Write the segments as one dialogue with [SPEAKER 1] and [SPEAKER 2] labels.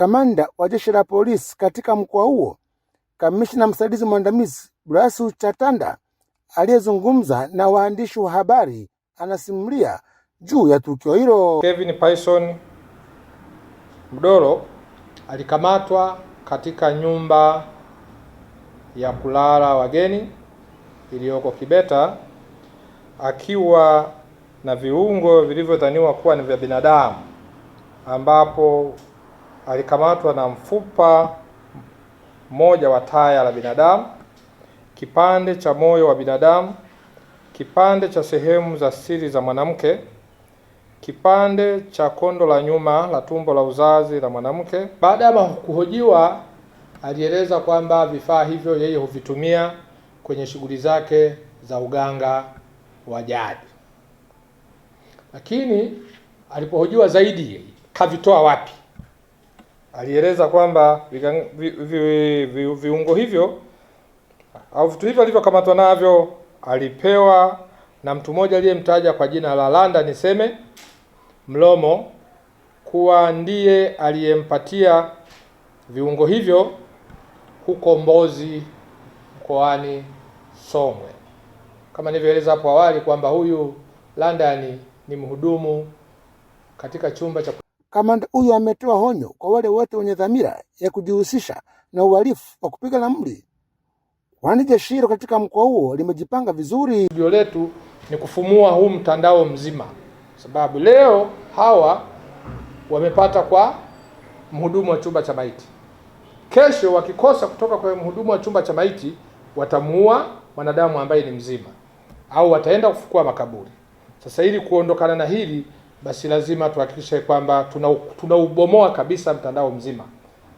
[SPEAKER 1] kamanda wa jeshi la polisi katika mkoa huo, kamishna msaidizi mwandamizi Brasu Chatanda aliyezungumza na waandishi wa habari anasimulia juu ya tukio hilo.
[SPEAKER 2] Kevin Paison Mdolo alikamatwa katika nyumba ya kulala wageni iliyoko Kibeta akiwa na viungo vilivyodhaniwa kuwa ni vya binadamu ambapo alikamatwa na mfupa mmoja wa taya la binadamu, kipande cha moyo wa binadamu, kipande cha sehemu za siri za mwanamke, kipande cha kondo la nyuma la tumbo la uzazi la mwanamke. Baada ya kuhojiwa, alieleza kwamba vifaa hivyo yeye huvitumia kwenye shughuli zake za uganga wa jadi, lakini alipohojiwa zaidi, kavitoa wapi? alieleza kwamba viungo hivyo au vitu hivyo alivyokamatwa navyo alipewa na mtu mmoja aliyemtaja kwa jina la Landa niseme Mlomo kuwa ndiye aliyempatia viungo hivyo huko Mbozi mkoani Songwe. Kama nilivyoeleza hapo awali kwamba huyu Landa ni mhudumu katika chumba cha
[SPEAKER 1] Kamanda huyo ametoa honyo kwa wale wote wenye dhamira ya kujihusisha na uhalifu wa kupiga ramli, kwani jeshi hilo katika mkoa huo limejipanga vizuri.
[SPEAKER 2] Jio letu ni kufumua huu mtandao mzima, sababu leo hawa wamepata kwa mhudumu wa chumba cha maiti, kesho wakikosa kutoka kwa mhudumu wa chumba cha maiti watamuua mwanadamu ambaye ni mzima, au wataenda kufukua makaburi. Sasa ili kuondokana na hili basi lazima tuhakikishe kwamba tunaubomoa tuna kabisa mtandao mzima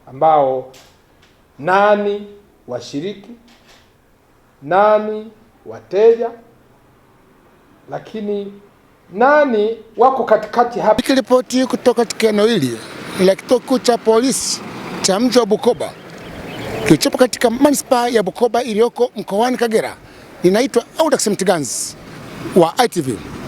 [SPEAKER 2] ambao nani washiriki, nani wateja, lakini nani wako katikati hapa.
[SPEAKER 1] Nikiripoti kutoka katika eneo hili la kituo kikuu cha polisi cha mji wa Bukoba kilichopo katika manispaa ya Bukoba iliyoko mkoani Kagera. Ninaitwa Audax Mtiganzi wa ITV.